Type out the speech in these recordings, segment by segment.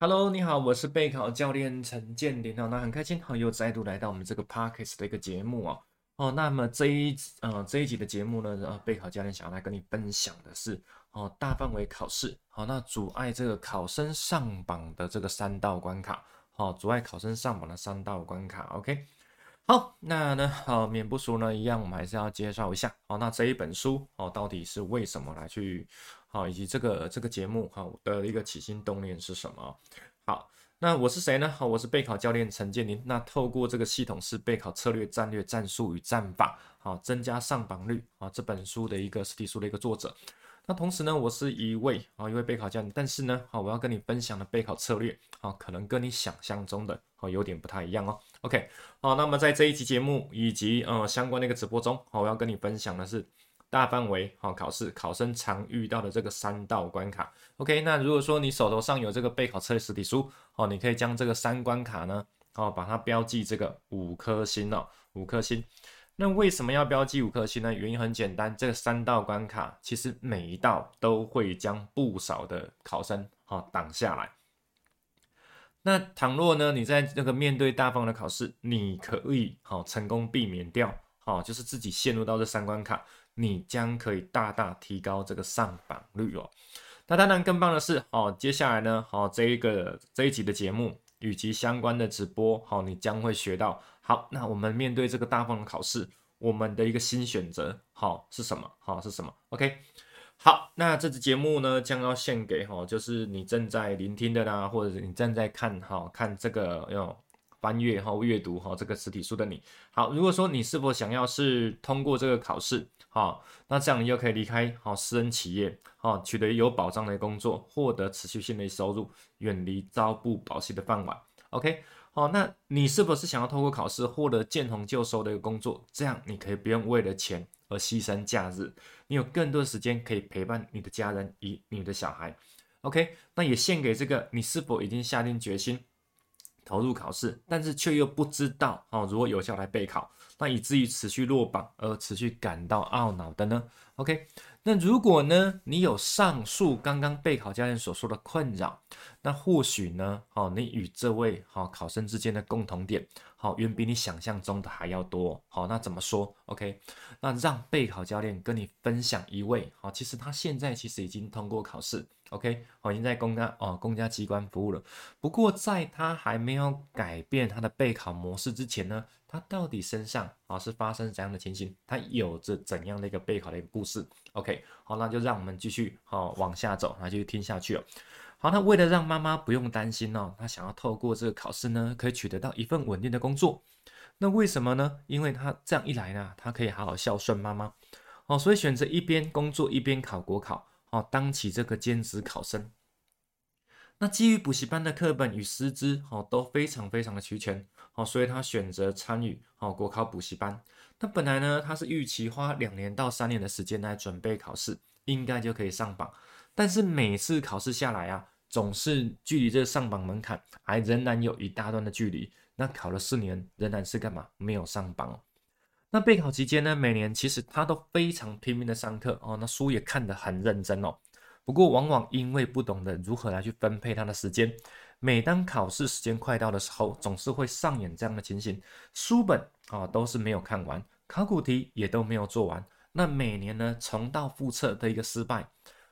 Hello，你好，我是備考教練陳建霖哦，那很開心，又再度來到我們這個 podcast 的一個節目哦，哦那麼這一呃這一集的節目呢，呃，備考教練想要來跟你分享的是哦，大範圍考試，好，哦，那阻礙這個考生上榜的這個三道關卡，好，哦，阻礙考生上榜的三道關卡，OK，好，那呢，哦、免不俗呢一樣，我們還是要介紹一下，哦，那這一本書哦，到底是為什麼來去？好，以及這個這個節目哈的一個起心動念是什麼？好，那我是誰呢？好，我是備考教練陳建霖。那透過這個系統式備考策略、戰略、戰術與戰法，好，增加上榜率啊這本書的一個實體書的一個作者。那同時呢，我是一位啊一位備考教練，但是呢，好，我要跟你分享的備考策略，啊，可能跟你想象中的好有點不太一樣哦。OK，好，那麼在這一期節目以及呃相關的一個直播中，好，我要跟你分享的是。大範圍哈考試考生常遇到的這個三道關卡，OK，那如果說你手頭上有這個備考策略實體書哦，你可以將這個三關卡呢哦把它標記這個五顆星哦五顆星。那為什麼要標記五顆星呢？原因很簡單，這個三道關卡其實每一道都會將不少的考生哈擋下來。那倘若呢你在那個面對大範圍的考試，你可以哈成功避免掉哈，就是自己陷入到這三關卡。你將可以大大提高這個上榜率哦。那當然更棒的是，好、哦，接下來呢，好、哦，這一個這一集的節目以及相關的直播，好、哦，你將會學到。好，那我們面對這個大範圍考試，我們的一個新選擇，好、哦、是什麼？好、哦、是什麼？OK。好，那這支節目呢，將要獻給，哈、哦，就是你正在聆聽的啦，或者是你正在看，好、哦、看這個喲。You know, 翻閱和閱讀哈、哦、這個實體書的你。好，如果說，你是否想要是通過這個考試哈、哦，那這樣你就可以離開哈、哦、私人企業哈、哦，取得有保障的工作，獲得持續性的收入，遠離朝不保夕的飯碗。OK，好、哦，那你是否是想要通過考試獲得見紅就休的一個工作？這樣你可以不用為了錢而犧牲假日，你有更多的時間可以陪伴你的家人與你的小孩。OK，那也獻給這個你是否已經下定決心？投入考試，但是卻又不知道哦，如何有效來備考，那以至於持續落榜而持續感到懊惱的呢？OK，那如果呢，你有上述剛剛備考教練所說的困擾，那或許呢，哦，你與這位好、哦、考生，之間的共同點，好、哦、遠比你想象中的還要多。好、哦，那怎麼說？OK，那讓備考教練跟你分享一位哦，其實他現在其實已經通過考試。OK，好，已經在公家哦，公家機關服務了。不過在他還沒有改變他的備考模式之前呢，他到底身上啊、哦、是發生怎樣的情形？他有着怎樣的一個備考的一個故事？OK，好，那就讓我們繼續好、哦、往下走，那就繼續聽下去了、哦。好，那為了讓媽媽不用擔心哦，他想要透過這個考試呢，可以取得到一份穩定的工作。那為什麼呢？因為他這樣一來呢，他可以好好孝順媽媽哦，所以選擇一邊工作一邊考國考。哦，當起這個兼職考生。那基於補習班的課本與師資，哦都非常非常的齊全，哦，所以他選擇參與哦國考補習班。那本來呢，他是預期花兩年到三年的時間來準備考試，應該就可以上榜。但是每次考試下來啊，總是距離這個上榜門檻還仍然有一大段的距離。那考了四年，仍然是幹嘛？沒有上榜。那備考期間呢，每年其實他都非常拼命的上課哦，那書也看得很認真哦。不過往往因為不懂得如何來去分配他的時間，每當考試時間快到的時候，總是會上演這樣的情形：書本啊、哦、都是沒有看完，考古題也都沒有做完。那每年呢，重蹈覆轍的一個失敗。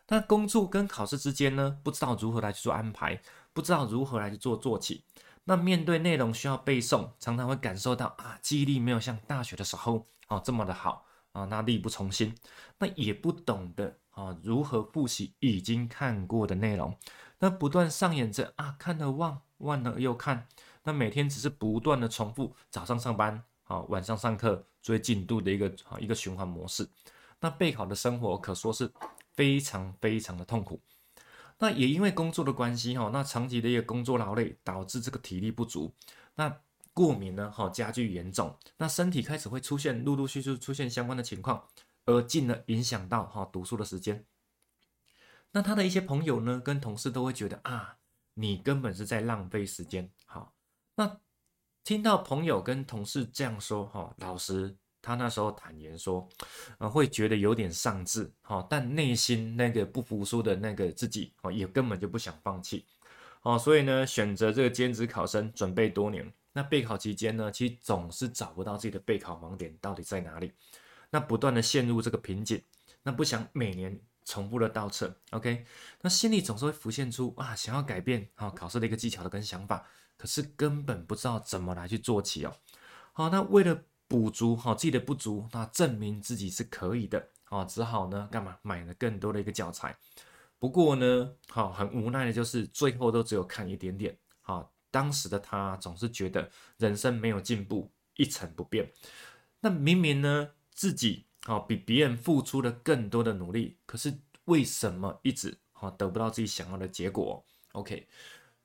那工作跟考試之間呢，不知道如何來去做安排，不知道如何來去做做起。那面對內容需要背誦，常常會感受到啊，記憶力沒有像大學的時候啊這麼的好啊，那力不從心，那也不懂得啊如何複習已經看過的內容，那不斷上演着啊看了忘，忘了又看，那每天只是不斷的重複早上上班啊，晚上上課追進度的一個啊一個循環模式，那備考的生活可說是非常非常的痛苦。那也因為工作的關係哈，那長期的一個工作勞累導致這個體力不足，那過敏呢哈加劇嚴重，那身體開始會出現陸陸續續出現相關的情況，而進而影響到哈讀書的時間。那他的一些朋友呢跟同事都會覺得啊，你根本是在浪費時間。好，那聽到朋友跟同事這樣說哈，老師他那時候坦言說，呃，會覺得有點喪志，好，哦，但內心那個不服輸的那個自己，哦，也根本就不想放棄，哦，所以呢，選擇這個兼職考生準備多年，那備考期間呢，其實總是找不到自己的備考盲點到底在哪裡，那不斷的陷入這個瓶頸，那不想每年重複的倒車，OK，那心裡總是會浮現出啊，想要改變啊，哦，考試的一個技巧的跟想法，可是根本不知道怎麼來去做起哦，好，哦，那為了補足好、哦、自己的不足，那證明自己是可以的，哦、只好呢乾嘛買了更多的一個教材，不過呢，好、哦、很無奈的就是最後都只有看一點點，好、哦，當時的他總是覺得人生沒有進步，一成不變，那明明呢自己好、哦、比別人付出了更多的努力，可是為什麼一直好、哦、得不到自己想要的結果？OK。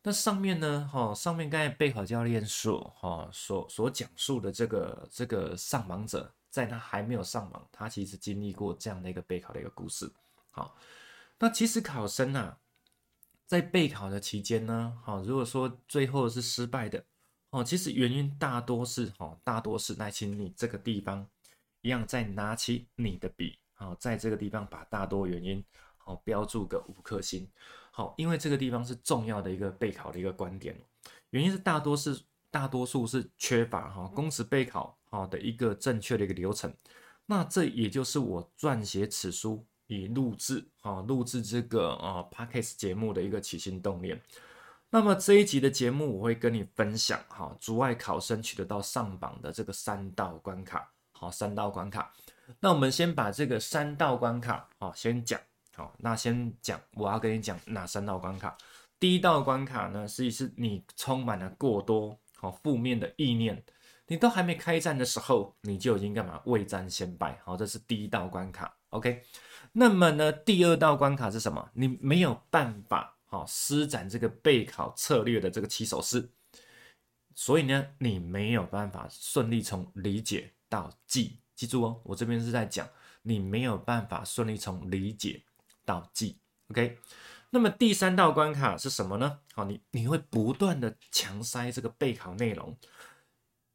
那上面呢？哈，上面剛才備考教練所哈所所講述的這個這個上榜者，在他還沒有上榜，他其實經歷過這樣的一個備考的一個故事。好，那其實考生啊，在備考的期間呢，哈，如果說最後是失敗的，哦，其實原因大多是哈，大多是。那請你這個地方一樣再拿起你的筆，好，在這個地方把大多原因哦標註個五顆星。好，因為這個地方是重要的一個備考的一個觀點，原因是大多是大多數是缺乏哈公職備考哈的一個正確的一個流程，那這也就是我撰寫此書以錄製哈錄製這個呃 podcast 節目的一個起心動念。那麼這一集的節目我會跟你分享哈，阻礙考生取得到上榜的這個三道關卡，好，三道關卡。那我們先把這個三道關卡啊先講。好，那先講，我要跟你講哪三道關卡。第一道關卡呢，是是你充滿了過多好負面的意念，你都還沒開戰的時候，你就已經幹嘛？未戰先敗。好，這是第一道關卡。OK，那麼呢，第二道關卡是什麼？你沒有辦法好施展這個備考策略的這個起手式，所以呢，你沒有辦法順利從理解到記。記住哦，我這邊是在講，你沒有辦法順利從理解。倒計，OK。那麼第三道關卡是什麼呢？好，你你會不斷的強塞這個備考內容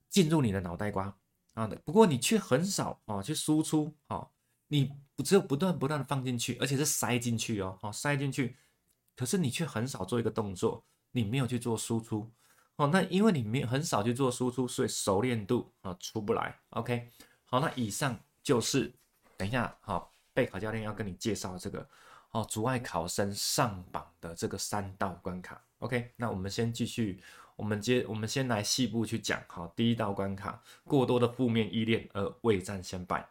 進入你的腦袋瓜啊。不過你卻很少啊去輸出啊。你只有不斷不斷的放進去，而且是塞進去哦，塞進去。可是你卻很少做一個動作，你沒有去做輸出哦。那因為你沒很少去做輸出，所以熟練度啊出不來。OK，好，那以上就是等一下好。備考教練要跟你介紹這個哦，阻礙考生上榜的這個三道關卡。OK，那我們先繼續，我們接，我們先來細部去講。好，第一道關卡，過多的負面意念而未戰先敗。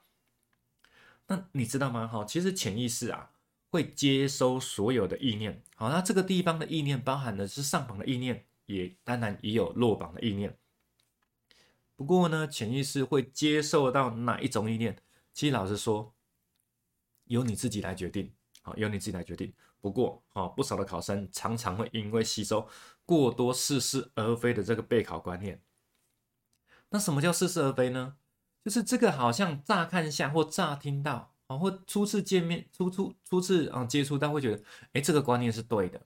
那你知道嗎？哈，其實潛意識啊會接收所有的意念。好，那這個地方的意念包含的是上榜的意念，也當然也有落榜的意念。不過呢，潛意識會接受到哪一種意念？其實老實說。由你自己來決定，好，由你自己來決定。不過啊，不少的考生常常會因為吸收過多似是而非的這個備考觀念。那什麼叫似是而非呢？就是這個好像乍看一下或乍聽到啊，或初次見面、初初初次啊接觸到，會覺得，哎，這個觀念是對的。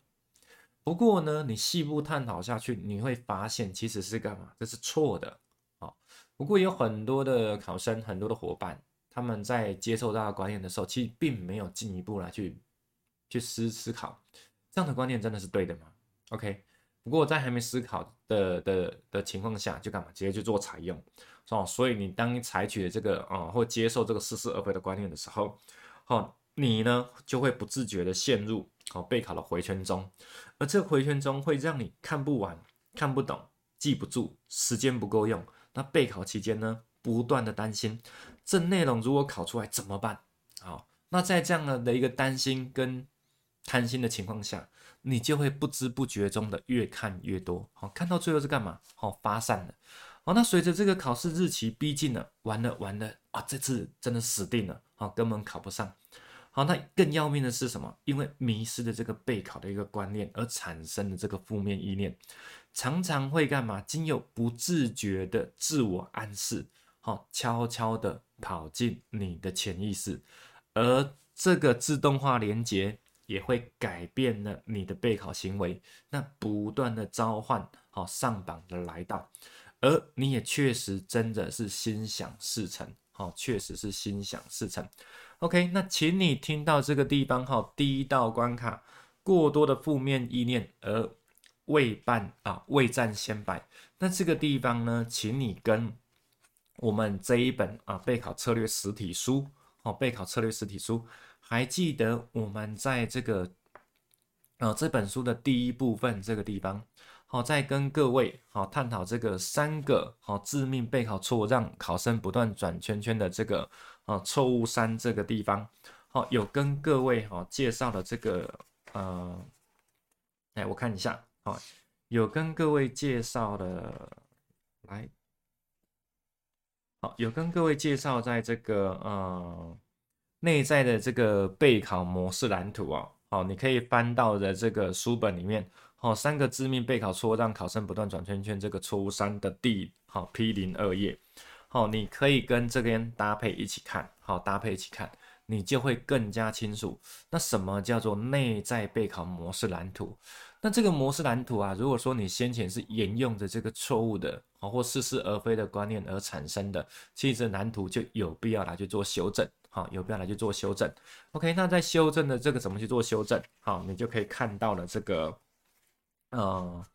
不過呢，你細部探討下去，你會發現其實是幹嘛？這是錯的啊。不過有很多的考生，很多的夥伴。他們在接受到的觀念的時候，其實並沒有進一步來去去思思考，這樣的觀念真的是對的嗎？OK，不過在還沒思考的的的情況下，就幹嘛？直接去做採用、哦、所以你當你採取了這個啊，或、哦、接受這個似是而非的觀念的時候，哦，你呢就會不自覺的陷入哦備考的回圈中，而這個回圈中會讓你看不完、看不懂、記不住，時間不夠用。那備考期間呢，不斷的擔心。這內容如果考出來怎麼辦？好，那在這樣的一個擔心跟貪心的情況下，你就會不知不覺中的越看越多。好，看到最後是幹嘛？好，發散了。好，那隨着這個考試日期逼近了，完了完了啊，這次真的死定了，好，根本考不上。好，那更要命的是什麼？因為迷失了這個備考的一個觀念而產生了這個負面意念，常常會幹嘛？經由不自覺的自我暗示。好，悄悄的跑進你的潛意識，而這個自動化連接也會改變了你的備考行為。那不斷的召喚，好上榜的來到，而你也確實真的是心想事成，確實是心想事成。OK，那請你聽到這個地方，好，第一道關卡，過多的負面意念而未辦啊，未戰先敗。那這個地方呢，請你跟。我們這一本啊備考策略實體書，哦，備考策略實體書，還記得我們在這個，啊、呃、這本書的第一部分這個地方，好、哦、在跟各位好、哦、探討這個三個好、哦、致命備考錯誤，讓考生不斷轉圈圈的這個哦錯誤三這個地方，好、哦、有跟各位好、哦、介紹了這個，呃，哎我看一下，好、哦、有跟各位介紹的來。好，有跟各位介紹在這個嗯、呃、內在的這個備考模式藍圖哦，好，你可以翻到的這個書本裡面，好、哦，三個致命備考錯誤，讓考生不斷轉圈圈這個錯誤三的 D 好 P 零二頁，好，你可以跟這邊搭配一起看，好搭配一起看，你就會更加清楚那什麼叫做內在備考模式藍圖。那這個模式藍圖啊，如果說你先前是沿用著這個錯誤的。好，或似是而非的觀念而產生的其實藍圖，就有必要來去做修正。好、哦，有必要來去做修正。OK，那在修正的這個怎麼去做修正？好，你就可以看到了這個，呃，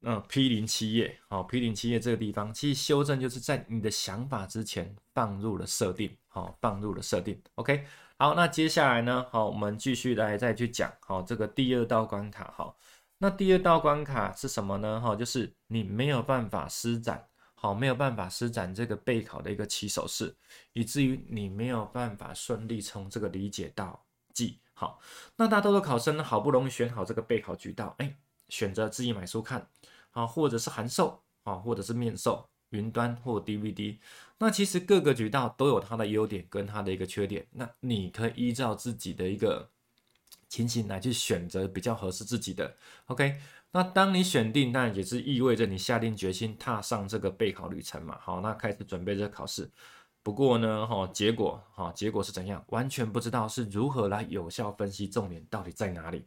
那、呃、P 零七頁，好、哦，P 零七頁這個地方其實修正，就是在你的想法之前放入了設定，好、哦，放入了設定。OK，好，那接下來呢，好，我們繼續來再去講，好、哦，這個第二道關卡，好、哦。那第二道關卡是什麼呢？哈、哦，就是你沒有辦法施展，好，沒有辦法施展這個備考的一個起手式，以至於你沒有辦法順利從這個理解到記。好，那大多數考生呢，好不容易選好這個備考渠道，哎、欸，選擇自己買書看，啊，或者是函授，啊，或者是面授、雲端或 DVD。那其實各個渠道都有它的優點跟它的一個缺點，那你可以依照自己的一個。情形來去選擇比較合適自己的，OK？那當你選定，那也是意味着你下定決心踏上這個備考旅程嘛。好，那開始準備這個考試。不過呢，哈、哦，結果、哦，結果是怎樣？完全不知道是如何來有效分析重點到底在哪裡。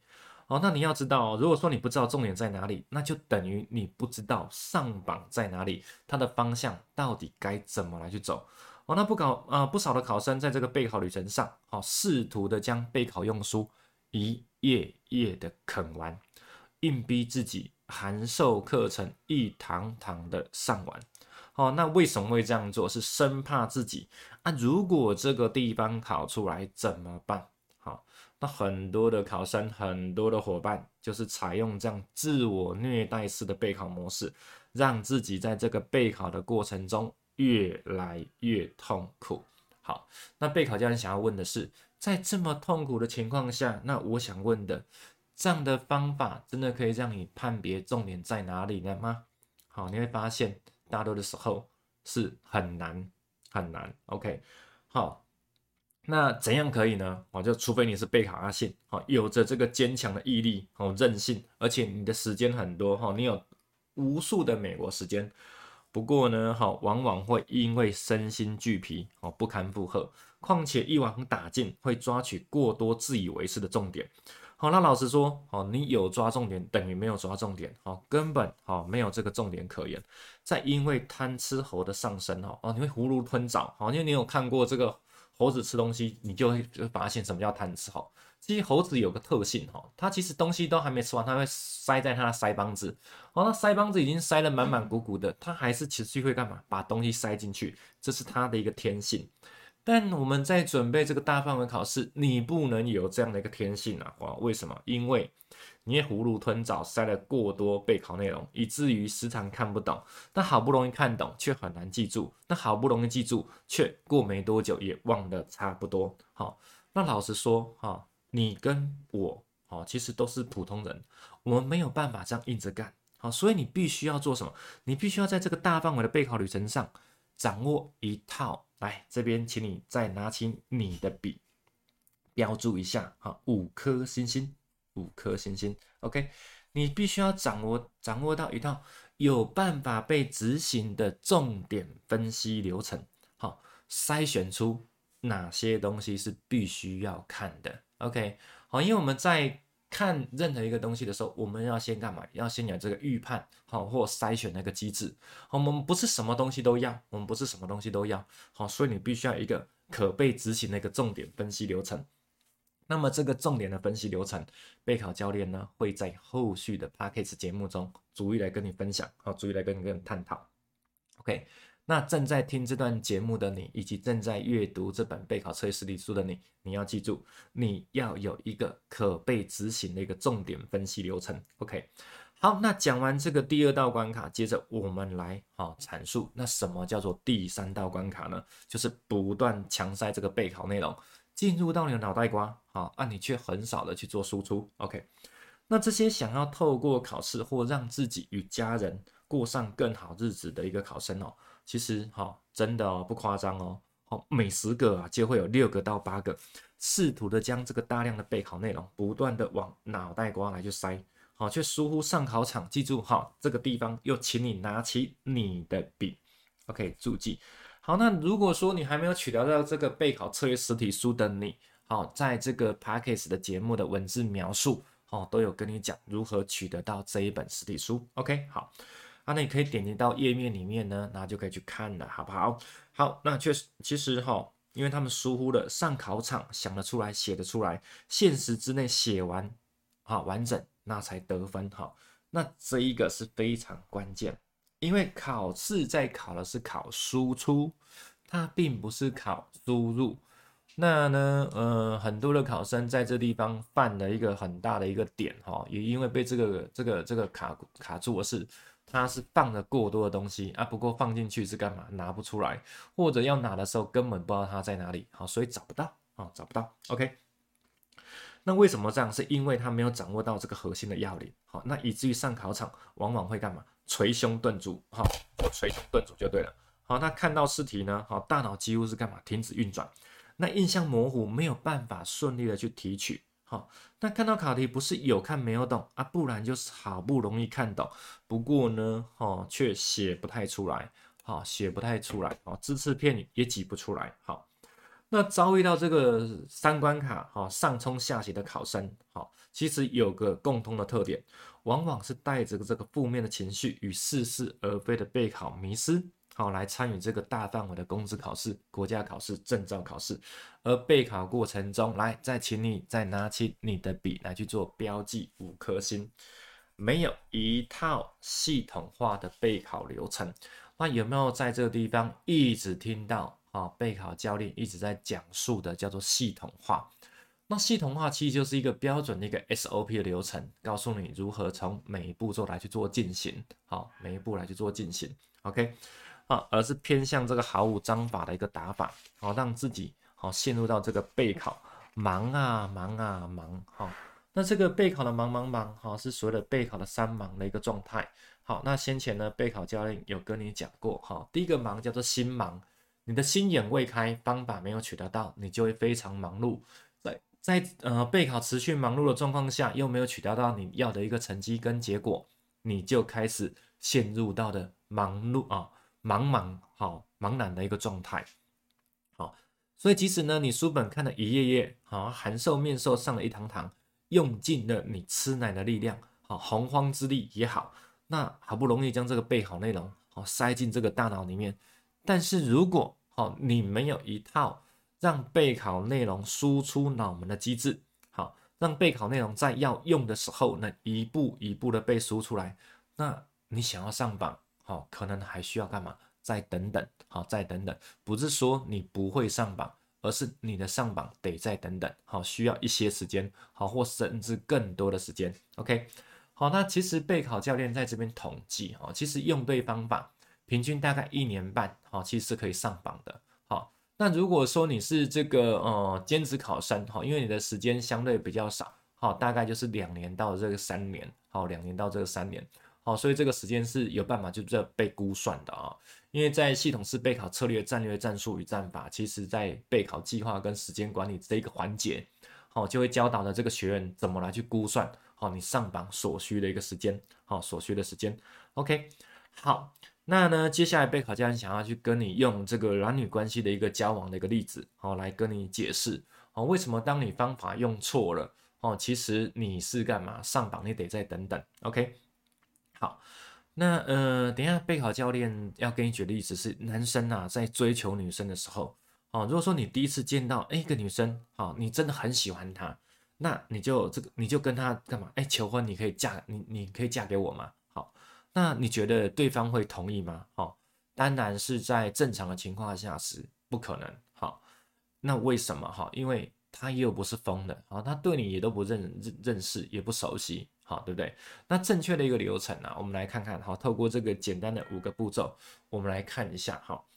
好、哦，那你要知道，如果說你不知道重點在哪裡，那就等於你不知道上榜在哪裡，它的方向到底該怎麼來去走。好、哦，那不搞啊、呃，不少的考生在這個備考旅程上，好、哦，試圖的將備考用書。一頁頁的啃完，硬逼自己函授課程一堂堂的上完。好，那為什麼會這樣做？是生怕自己啊，如果這個地方考出來怎麼辦？好，那很多的考生、很多的夥伴，就是採用這樣自我虐待式的備考模式，讓自己在這個備考的過程中越來越痛苦。好，那備考教練想要問的是。在這麼痛苦的情況下，那我想問的，這樣的方法真的可以讓你判別重點在哪裡了嗎？好，你會發現大多的時候是很難很難。OK，好，那怎樣可以呢？我就除非你是備考阿信，好，有着這個堅強的毅力和韌性，而且你的時間很多哈，你有無數的美國時間。不過呢，好，往往會因為身心俱疲，哦，不堪負荷。況且一網打盡，會抓取過多自以為是的重點。好，那老實說，哦，你有抓重點，等於沒有抓重點，哦，根本哦沒有這個重點可言。再因為貪吃猴的上升，哈，哦，你會囫圇吞棗，好，因為你有看過這個猴子吃東西，你就會就發現什麼叫貪吃，哈。其實猴子有個特性哈，它其實東西都還沒吃完，它會塞在它的腮幫子。好，哦，那腮幫子已經塞得滿滿鼓鼓的，它還是持續會幹嘛？把東西塞進去，這是它的一個天性。但我們在準備這個大範圍考試，你不能有這樣的一個天性啊！哦，為什麼？因為你囫圇吞棗，塞了過多備考內容，以至於時常看不懂。那好不容易看懂，卻很難記住。那好不容易記住，卻過沒多久也忘得差不多。好，哦，那老實說哈。哦你跟我哦，其實都是普通人，我們沒有辦法這樣硬着幹好，所以你必須要做什麼？你必須要在這個大範圍的備考旅程上，掌握一套，來，這邊，請你再拿起你的筆，標注一下哈，五顆星星，五顆星星，OK，你必須要掌握掌握到一套有辦法被執行的重點分析流程，好，篩選出哪些東西是必須要看的。OK，好，因為我們在看任何一個東西的時候，我們要先幹嘛？要先有這個預判，好，或篩選那個機制。好，我們不是什麼東西都要，我們不是什麼東西都要，好，所以你必須要一個可被執行的一個重點分析流程。那麼這個重點的分析流程，備考教練呢會在後續的 Podcast 節目中逐一來跟你分享，好，逐一來跟你跟你探討。OK。那正在聽這段節目的你，以及正在閱讀這本備考策略實體書的你，你要記住，你要有一個可被執行的一個重點分析流程。OK，好，那講完這個第二道關卡，接着我們來啊、哦、闡述，那什麼叫做第三道關卡呢？就是不斷強塞這個備考內容進入到你的腦袋瓜、哦、啊，你卻很少的去做輸出。OK，那這些想要透過考試或讓自己與家人過上更好日子的一個考生哦。其實哈、哦，真的哦，不誇張哦，好、哦，每十個啊就會有六個到八個，試圖的將這個大量的備考內容不斷的往腦袋瓜來去塞，好、哦，卻疏忽上考場。記住哈、哦，這個地方又請你拿起你的筆，OK，注記。好，那如果說你還沒有取得到這個備考策略實體書的你，好、哦，在這個 Podcast 的節目的文字描述哦，都有跟你講如何取得到這一本實體書，OK，好。那、啊、那你可以點擊到頁面裡面呢，那就可以去看了，好不好？好，那確實，其實哈、哦，因為他們疏忽了，上考場想得出來，寫得出來，限時之內寫完，啊、哦，完整，那才得分哈、哦。那這一個是非常關鍵，因為考試在考的是考輸出，它並不是考輸入。那呢，呃，很多的考生在這地方犯了一個很大的一個點哈、哦，也因為被這個這個這個卡卡住的是。他是放了過多的東西啊，不過放進去是幹嘛？拿不出來，或者要拿的時候根本不知道它在哪裡，好，所以找不到啊，找不到。OK，那為什麼這樣？是因為他沒有掌握到這個核心的要領，好，那以至於上考場往往會幹嘛？捶胸頓足，好，捶胸頓足就對了，好，那看到試題呢，好，大腦幾乎是幹嘛？停止運轉，那印象模糊，沒有辦法順利的去提取。好，那看到考題不是有看沒有懂啊，不然就是好不容易看懂，不過呢，哦，卻寫不太出來，好，寫不太出來，啊，隻字片語也擠不出來，好，那遭遇到這個三關卡，哈，上沖下瀉的考生，好，其實有個共通的特點，往往是帶着這個負面的情緒與似是而非的備考迷思。好，來參與這個大範圍的工資考試、國家考試、證照考試。而備考過程中，來再請你再拿起你的筆來去做標記。五顆星，沒有一套系統化的備考流程。那有沒有在這個地方一直聽到啊、哦？備考教練一直在講述的叫做系統化。那系統化其實就是一個標準的一個 SOP 流程，告訴你如何從每一步驟來去做進行。好、哦，每一步來去做進行。OK。啊，而是偏向這個毫無章法的一個打法，好，讓自己好陷入到這個備考忙啊忙啊忙哈。那這個備考的忙忙忙哈，是所謂的備考的三忙的一個狀態。好，那先前呢，備考教練有跟你講過哈，第一個忙叫做心忙，你的心眼未開，方法沒有取得到，你就會非常忙碌。在在呃備考持續忙碌的狀況下，又沒有取得到你要的一個成績跟結果，你就開始陷入到的忙碌啊。茫茫，好，茫然的一個狀態，好，所以即使呢，你書本看了一頁頁，好，函授面授上了一堂堂，用盡了你吃奶的力量，好，洪荒之力也好，那好不容易將這個備考內容好，塞進這個大腦裡面，但是如果好，你沒有一套讓備考內容輸出腦門的機制，好，讓備考內容在要用的時候呢，一步一步的被輸出來，那你想要上榜？好、哦，可能還需要幹嘛？再等等，好、哦，再等等，不是說你不會上榜，而是你的上榜得再等等，好、哦，需要一些時間，好、哦，或甚至更多的時間。OK，好，那其實備考教練在這邊統計、哦、其實用對方法，平均大概一年半，好、哦，其實是可以上榜的。好、哦，那如果說你是這個呃兼職考生、哦，因為你的時間相對比較少，好、哦，大概就是兩年到這個三年，好、哦，兩年到這個三年。好，所以這個時間是有辦法就這被估算的啊、哦，因為在系統式備考策略、戰略、戰術與戰法，其實在備考計劃跟時間管理這一個環節，好、哦，就會教導呢這個學員怎麼來去估算，好、哦，你上榜所需的一個時間，好、哦，所需的時間。OK，好，那呢接下來備考教練想要去跟你用這個男女關係的一個交往的一個例子，好、哦，來跟你解釋，哦，為什麼當你方法用錯了，哦，其實你是幹嘛上榜你得再等等。OK。好，那呃，等一下備考教練要跟你舉的例子是，男生吶、啊、在追求女生的時候，哦，如果說你第一次見到誒一個女生，好、哦，你真的很喜歡她，那你就這個，你就跟她幹嘛？哎，求婚，你可以嫁，你你可以嫁給我嗎？好，那你覺得對方會同意嗎？好、哦，當然是在正常的情況下是不可能。好、哦，那為什麼？哈、哦，因為他又不是瘋的，啊、哦，他對你也都不認認認識，也不熟悉。好，對不對？那正確的一個流程呢，啊？我們來看看。好，透過這個簡單的五個步驟，我們來看一下。好，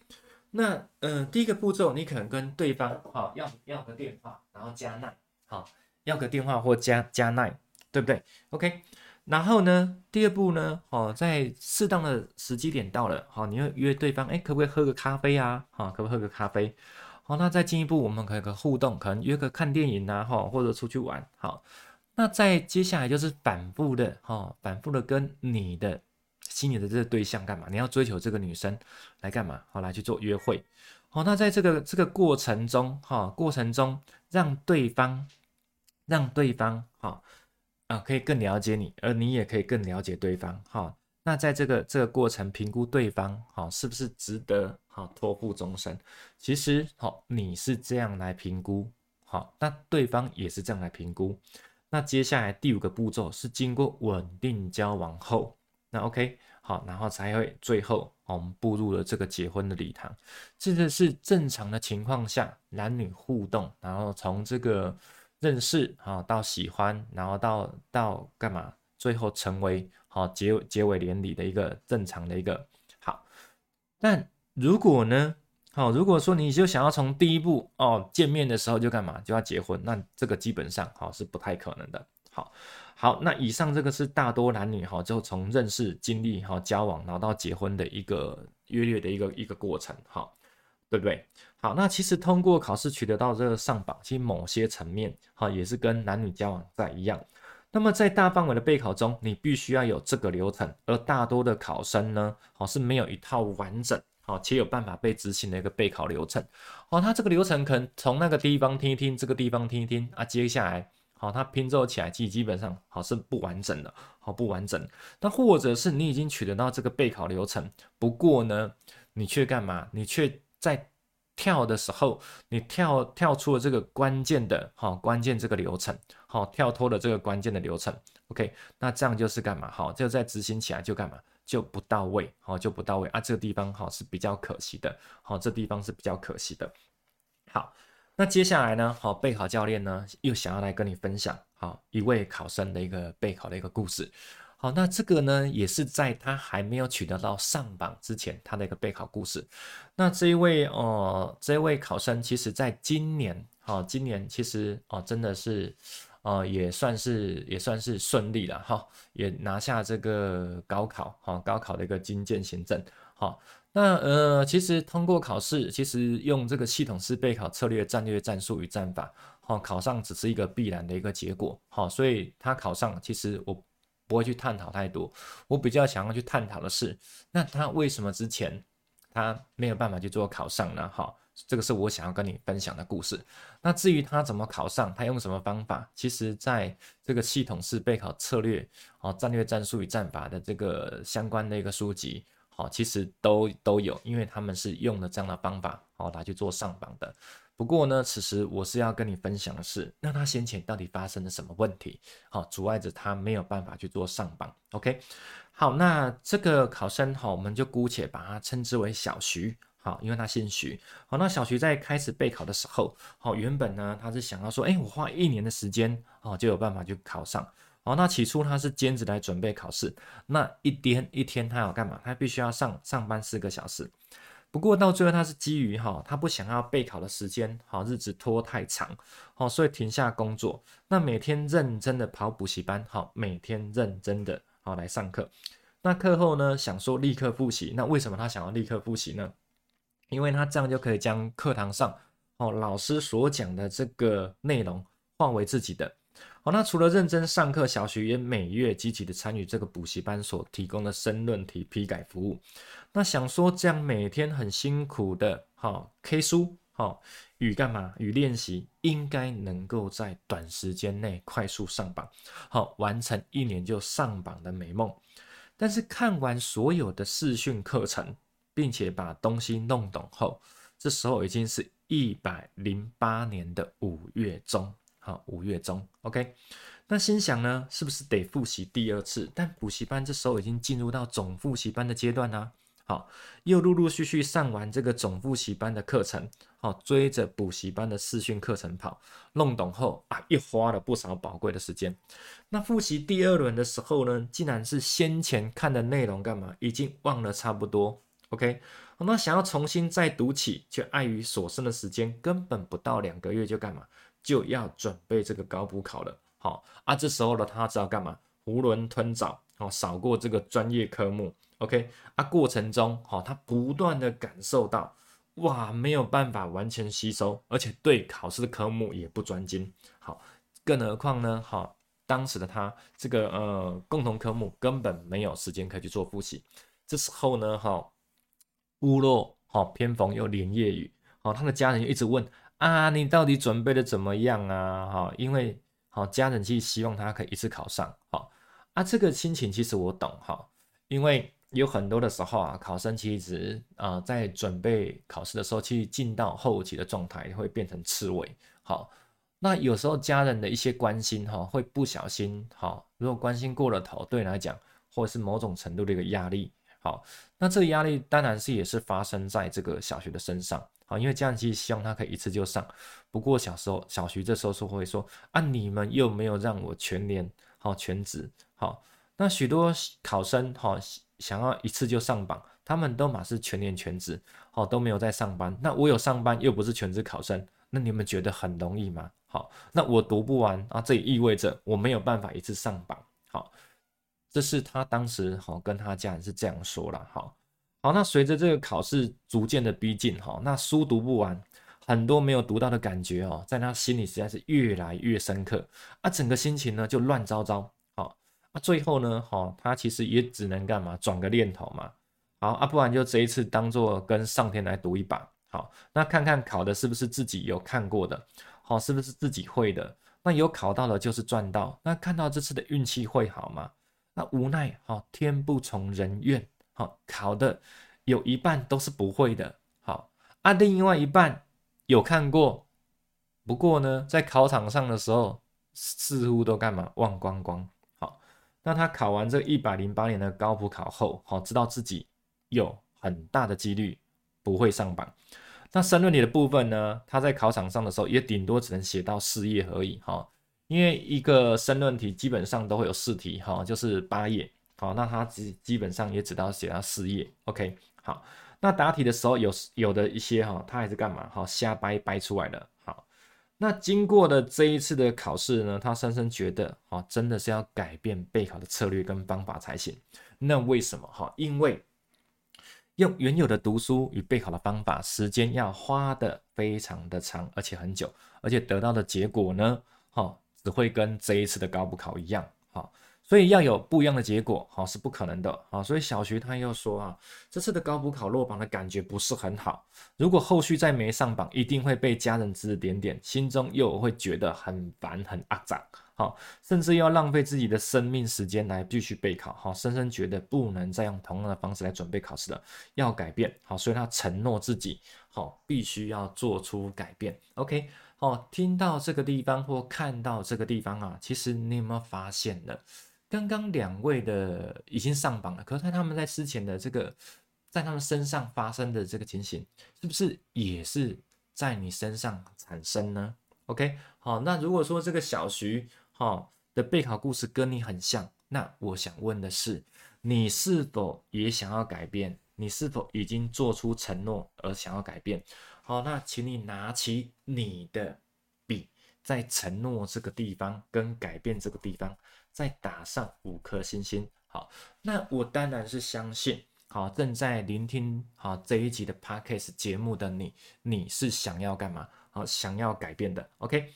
那呃，第一個步驟，你可能跟對方，哈要要個電話，然後加奈。好，要個電話或加加奈。對不對？OK。然後呢，第二步呢，哦，在適當的時機點到了，好，你要約對方，哎，可不可以喝個咖啡啊？哈，可不可以喝個咖啡？好，那再進一步，我們可以個互動，可能約個看電影啊哈，或者出去玩，哈。那在接下來就是反復的哈、哦，反復的跟你的心儀的這個對象幹嘛？你要追求這個女生來幹嘛？好，來去做約會。好、哦，那在這個這個過程中哈、哦，過程中讓對方讓對方哈、哦、啊可以更了解你，而你也可以更了解對方哈、哦。那在這個這個過程評估對方哈、哦、是不是值得哈、哦、托付終身？其實哈、哦、你是這樣來評估，好、哦，那對方也是這樣來評估。那接下來第五個步驟是經過穩定交往後，那 OK 好，然後才會最後我們步入了這個結婚的禮堂，這個是正常的情況下男女互動，然後從這個認識啊，到喜歡，然後到到幹嘛，最後成為好結結尾連理的一個正常的一個好。但如果呢？哦，如果說你就想要從第一步哦見面的時候就幹嘛就要結婚，那這個基本上好、哦、是不太可能的。好、哦、好，那以上這個是大多男女哈、哦，就從認識、經歷哈、哦、交往，然後到結婚的一個約略的一個一個過程，哈、哦，對不對？好，那其實通過考試取得到這個上榜，其實某些層面哈、哦、也是跟男女交往在一樣。那麼在大範圍的備考中，你必須要有這個流程，而大多的考生呢，好、哦、是沒有一套完整。好、哦，且有辦法被執行的一個備考流程。好、哦，他這個流程可能從那個地方聽一聽，這個地方聽一聽啊。接下來，好、哦，他拼湊起來，基基本上好、哦、是不完整的，好、哦、不完整。那或者是你已經取得到這個備考流程，不過呢，你卻幹嘛？你卻在跳的時候，你跳跳出了這個關鍵的哈、哦、關鍵這個流程，好、哦、跳脫了這個關鍵的流程。OK，那這樣就是幹嘛？好、哦，就在執行起來就幹嘛？就不到位，好，就不到位啊！這個地方哈是比較可惜的，好，這地方是比較可惜的。好，那接下來呢，好，備考教練呢又想要來跟你分享，一位考生的一個備考的一個故事。好，那這個呢也是在他還沒有取得到上榜之前，他的一個備考故事。那這一位哦、呃，這一位考生其實在今年，哈今年其實哦、呃、真的是。哦，也算是也算是順利了哈，也拿下這個高考哈，高考的一個經建行政。哈。那呃，其實通過考試，其實用這個系統式備考策略、戰略、戰術與戰法，哈，考上只是一個必然的一個結果哈。所以他考上，其實我不會去探討太多，我比較想要去探討的是，那他為什麼之前他沒有辦法去做考上呢？哈。這個是我想要跟你分享的故事。那至於他怎麼考上，他用什麼方法，其實在這個系統式備考策略、哦戰略戰術與戰法的這個相關的一個書籍，好、哦，其實都都有，因為他們是用了這樣的方法，好、哦，拿去做上榜的。不過呢，其實我是要跟你分享的是，那他先前到底發生了什麼問題，好、哦，阻礙着他沒有辦法去做上榜。OK，好，那這個考生、哦，好，我們就姑且把他稱之為小徐。好，因為他姓徐。好，那小徐在開始備考的時候，好，原本呢他是想要說，哎、欸，我花一年的時間，哦，就有辦法去考上。好，那起初他是兼職來準備考試。那一天一天他要幹嘛？他必須要上上班四個小時。不過到最後他是基於哈，他不想要備考的時間，好，日子拖太長，好，所以停下工作。那每天認真的跑補習班，好，每天認真的好來上課。那課後呢想說立刻複習。那為什麼他想要立刻複習呢？因為他這樣就可以將課堂上哦老師所講的這個內容化為自己的。好、哦，那除了認真上課，小徐也每月積極的參與這個補習班所提供的申論題批改服務。那想說這樣每天很辛苦的，好、哦、，K 書，好、哦，語幹嘛？與練習應該能夠在短時間內快速上榜，好、哦，完成一年就上榜的美夢。但是看完所有的視訊課程。並且把東西弄懂後，這時候已經是一百零八年的五月中，好，五月中，OK。那心想呢，是不是得復習第二次？但補習班這時候已經進入到總復習班的階段呢、啊？好，又陸陸續續續上完這個總復習班的課程，好，追着補習班的視訊課程跑，弄懂後啊，又花了不少寶貴的時間。那復習第二輪的時候呢，竟然是先前看的內容幹嘛，已經忘了差不多。OK，那想要重新再讀起，卻礙於所剩的時間根本不到兩個月，就幹嘛？就要準備這個高補考了。好、哦、啊，這時候呢，他知道幹嘛？囫圇吞棗，哦，掃過這個專業科目。OK，啊，過程中，哈、哦，他不斷的感受到，哇，沒有辦法完全吸收，而且對考試的科目也不專精。好、哦，更何況呢，哈、哦，當時的他這個呃共同科目根本沒有時間可以去做複習。這時候呢，哈、哦。屋漏、哦、偏逢又連夜雨。哦，他的家人就一直問啊，你到底準備的怎麼樣啊？哈、哦，因為好、哦、家人去希望他可以一次考上。好、哦、啊，這個心情其實我懂哈、哦，因為有很多的時候啊，考生其實啊、呃、在準備考試的時候，去進到後期的狀態會變成刺蝟。好、哦，那有時候家人的一些關心哈、哦，會不小心哈、哦，如果關心過了頭，對你來講，或者是某種程度的一個壓力。好，那這個壓力當然是也是發生在這個小徐的身上，好，因為家長其實希望他可以一次就上。不過小時候小徐這時候是會說：“啊，你們又沒有讓我全年好全職好。好”那許多考生哈想要一次就上榜，他們都嘛，是全年全職，好，都沒有在上班。那我有上班又不是全職考生，那你們覺得很容易嗎？好，那我讀不完啊，這也意味着我沒有辦法一次上榜，好。這是他當時哈、哦、跟他家人是這樣說了哈，好，那隨着這個考試逐漸的逼近哈、哦，那書讀不完，很多沒有讀到的感覺哦，在他心裡實在是越來越深刻啊，整個心情呢就亂糟糟，好、哦、啊，那最後呢，好、哦、他其實也只能幹嘛轉個念頭嘛，好啊，不然就這一次當做跟上天來賭一把，好，那看看考的是不是自己有看過的，好、哦，是不是自己會的，那有考到的就是賺到，那看到這次的運氣會好嗎？那無奈哈，天不從人願哈，考的有一半都是不會的，好啊，另外一半有看過，不過呢，在考場上的時候似乎都幹嘛忘光光，好，那他考完這一百零八年的高普考後，好，知道自己有很大的幾率不會上榜，那申論題的部分呢，他在考場上的時候也頂多只能寫到四頁而已，哈。因為一個申論題基本上都會有四題哈，就是八頁，好，那他基基本上也只到寫到四頁，OK，好，那答題的時候有有的一些哈，他還是幹嘛哈，瞎掰掰出來的，好，那經過了這一次的考試呢，他深深覺得哈，真的是要改變備考的策略跟方法才行，那為什麼哈？因為用原有的讀書與備考的方法，時間要花得非常的長，而且很久，而且得到的結果呢，哈。會跟這一次的高普考一樣，所以要有不一樣的結果，是不可能的，啊，所以小徐他又說，啊，這次的高普考落榜的感覺不是很好，如果後續再沒上榜，一定會被家人指指點點，心中又會覺得很煩很阿雜，甚至又要浪費自己的生命時間來繼續備考，好，深深覺得不能再用同樣的方式來準備考試了，要改變，好，所以他承諾自己，好，必須要做出改變，OK。哦，聽到這個地方或看到這個地方啊，其實你有沒有發現呢？剛剛兩位的已經上榜了，可是他們在之前的這個，在他們身上發生的這個情形，是不是也是在你身上產生呢？OK，好，那如果說這個小徐哈的備考故事跟你很像，那我想問的是，你是否也想要改變？你是否已經做出承諾而想要改變？好，那請你拿起你的筆，在承諾這個地方跟改變這個地方，再打上五顆星星。好，那我當然是相信。好，正在聆聽好這一集的 Podcast 節目的你，你是想要幹嘛？好，想要改變的。OK。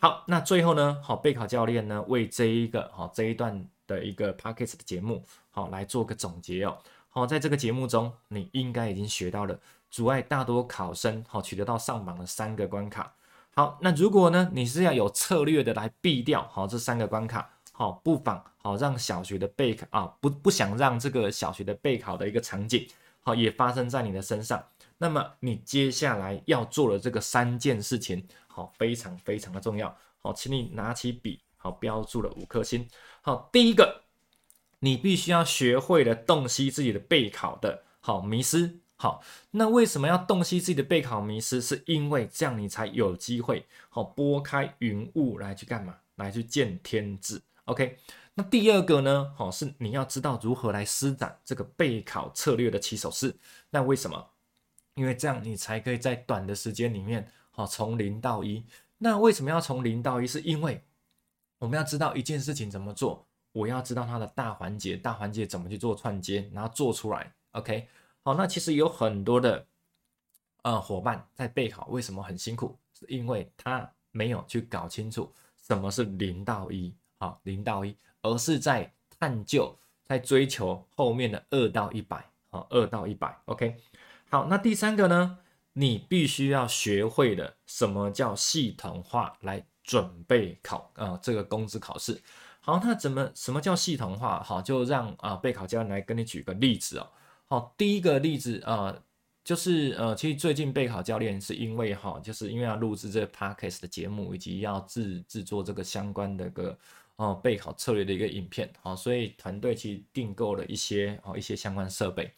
好，那最後呢？好，備考教練呢，為這一個好這一段的一個 Podcast 的節目，好來做個總結哦。好，在這個節目中，你應該已經學到了。阻礙大多考生好、哦、取得到上榜的三個關卡，好，那如果呢，你是要有策略的來避掉好、哦、這三個關卡，好、哦，不妨好、哦、讓小學的備考啊，不不想讓這個小學的備考的一個場景好、哦、也發生在你的身上，那麼你接下來要做的這個三件事情好、哦，非常非常的重要，好、哦，請你拿起筆好、哦、標註了五顆星，好、哦，第一個，你必須要學會的洞悉自己的備考的好、哦、迷思。好，那為什麼要洞悉自己的備考迷失？是因為這樣你才有機會，好，撥開雲霧來去幹嘛？來去見天日。OK，那第二個呢？好，是你要知道如何來施展這個備考策略的起手式。那為什麼？因為這樣你才可以在短的時間裡面，好，從零到一。那為什麼要從零到一？是因為我們要知道一件事情怎麼做。我要知道它的大環節，大環節怎麼去做串接，然後做出來。OK。好，那其實有很多的呃夥伴在備考，為什麼很辛苦？是因為他沒有去搞清楚什麼是零到一，好，零到一，而是在探究，在追求後面的二到一百，好，二到一百，OK。OK，好，那第三個呢，你必須要學會的什麼叫系統化來準備考啊、呃、這個公職考試。好，那怎麼什麼叫系統化？好，就讓啊、呃、備考教練來跟你舉個例子哦。好，第一個例子啊、呃，就是呃，其實最近備考教練是因為哈、哦，就是因為要錄制這個 Podcast 的節目，以及要制制作這個相關的一個呃備、哦、考策略的一個影片，好、哦，所以團隊去訂購了一些哦一些相關設備。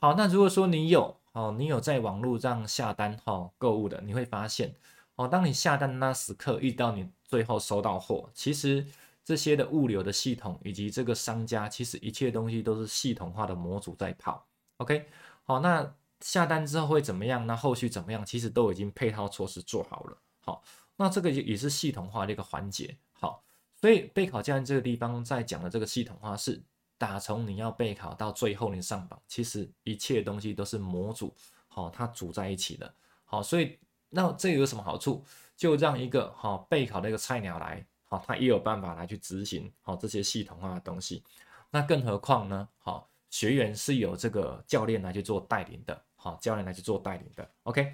好，那如果說你有哦，你有在網絡上下單哈購、哦、物的，你會發現哦，當你下單的那時刻，遇到你最後收到貨，其實。這些的物流的系統以及這個商家，其實一切東西都是系統化的模組在跑。OK，好，那下單之後會怎麼樣？那後續怎麼樣？其實都已經配套措施做好了。好，那這個也是系統化的一個環節。好，所以備考教練這個地方在講的這個系統化，是打從你要備考到最後你上榜，其實一切東西都是模組，好，它組在一起的。好，所以那這有什麼好處？就讓一個好備考的一個菜鳥來。好、哦，他也有辦法來去執行好、哦、這些系統化的東西，那更何況呢？好、哦，學員是由這個教練來去做帶領的，好、哦，教練來去做帶領的。OK，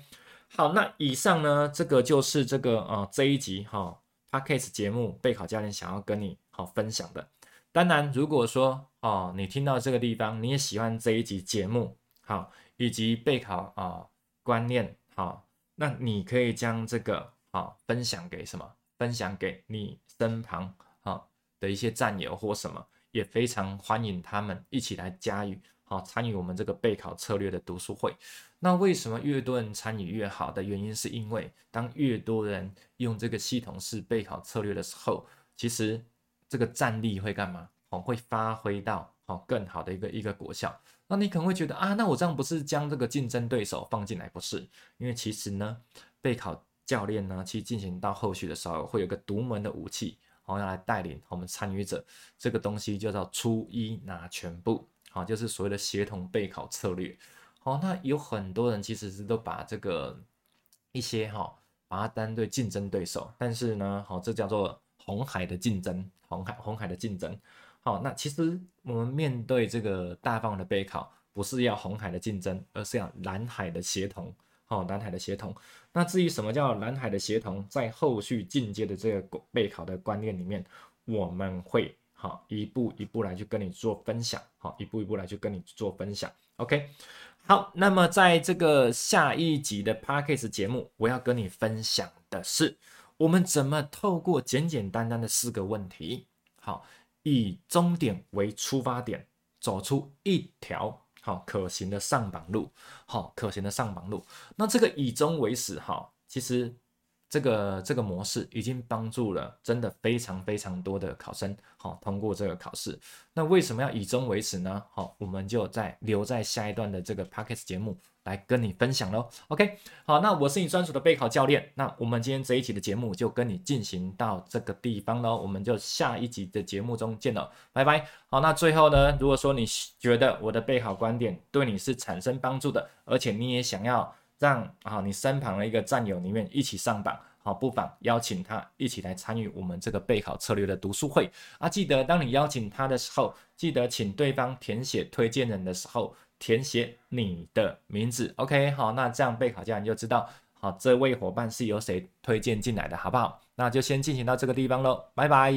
好，那以上呢，這個就是這個呃這一集哈 Package、哦節目備考教練想要跟你好、哦、分享的。當然，如果說哦你聽到這個地方，你也喜歡這一集節目，好、哦，以及備考啊、哦、觀念好、哦，那你可以將這個啊、哦、分享給什麼？分享給你身旁啊的一些戰友或什麼，也非常歡迎他們一起來加入，好，參與我們這個備考策略的讀書會。那為什麼越多人參與越好的原因，是因為當越多人用這個系統式備考策略的時候，其實這個戰力會幹嘛？哦，會發揮到哦更好的一個一個果效。那你可能會覺得啊，那我這樣不是將這個競爭對手放進來不是？因為其實呢，備考。教練呢，去進行到後續的時候，會有個獨門的武器，好，要來帶領我們參與者。這個東西就叫初一拿全部，好，就是所謂的協同備考策略。好，那有很多人其實是都把這個一些哈，把它單對競爭對手，但是呢，好，這叫做紅海的競爭，紅海紅海的競爭。好，那其實我們面對這個大範圍的備考，不是要紅海的競爭，而是要藍海的協同。哦，南海的協同。那至於什麼叫南海的協同，在後續進階的這個備考的觀念裡面，我們會好一步一步來去跟你做分享。好，一步一步來去跟你做分享。OK，好。那麼在這個下一集的 Podcast 節目，我要跟你分享的是，我們怎麼透過簡簡單單的四個問題，好，以終點為出發點，走出一條。好，可行的上榜路，好，可行的上榜路。那這個以終為始，哈，其實這個這個模式已經幫助了真的非常非常多的考生，好，通過這個考試。那為什麼要以終為始呢？好，我們就在留在下一段的這個 Podcast 節目。來跟你分享嘍，OK，好，那我是你專屬的備考教練，那我們今天這一期的節目就跟你進行到這個地方嘍，我們就下一集的節目中見嘍，拜拜。好，那最後呢，如果說你覺得我的備考觀點對你是產生幫助的，而且你也想要讓啊你身旁的一個戰友裡面一起上榜，好、啊，不妨邀請他一起來參與我們這個備考策略的讀書會啊。記得當你邀請他的時候，記得請對方填寫推薦人的時候。填寫你的名字，OK，好，那這樣備考家你就知道，好，這位夥伴是由誰推薦進來的好不好？那就先進行到這個地方嘍，拜拜。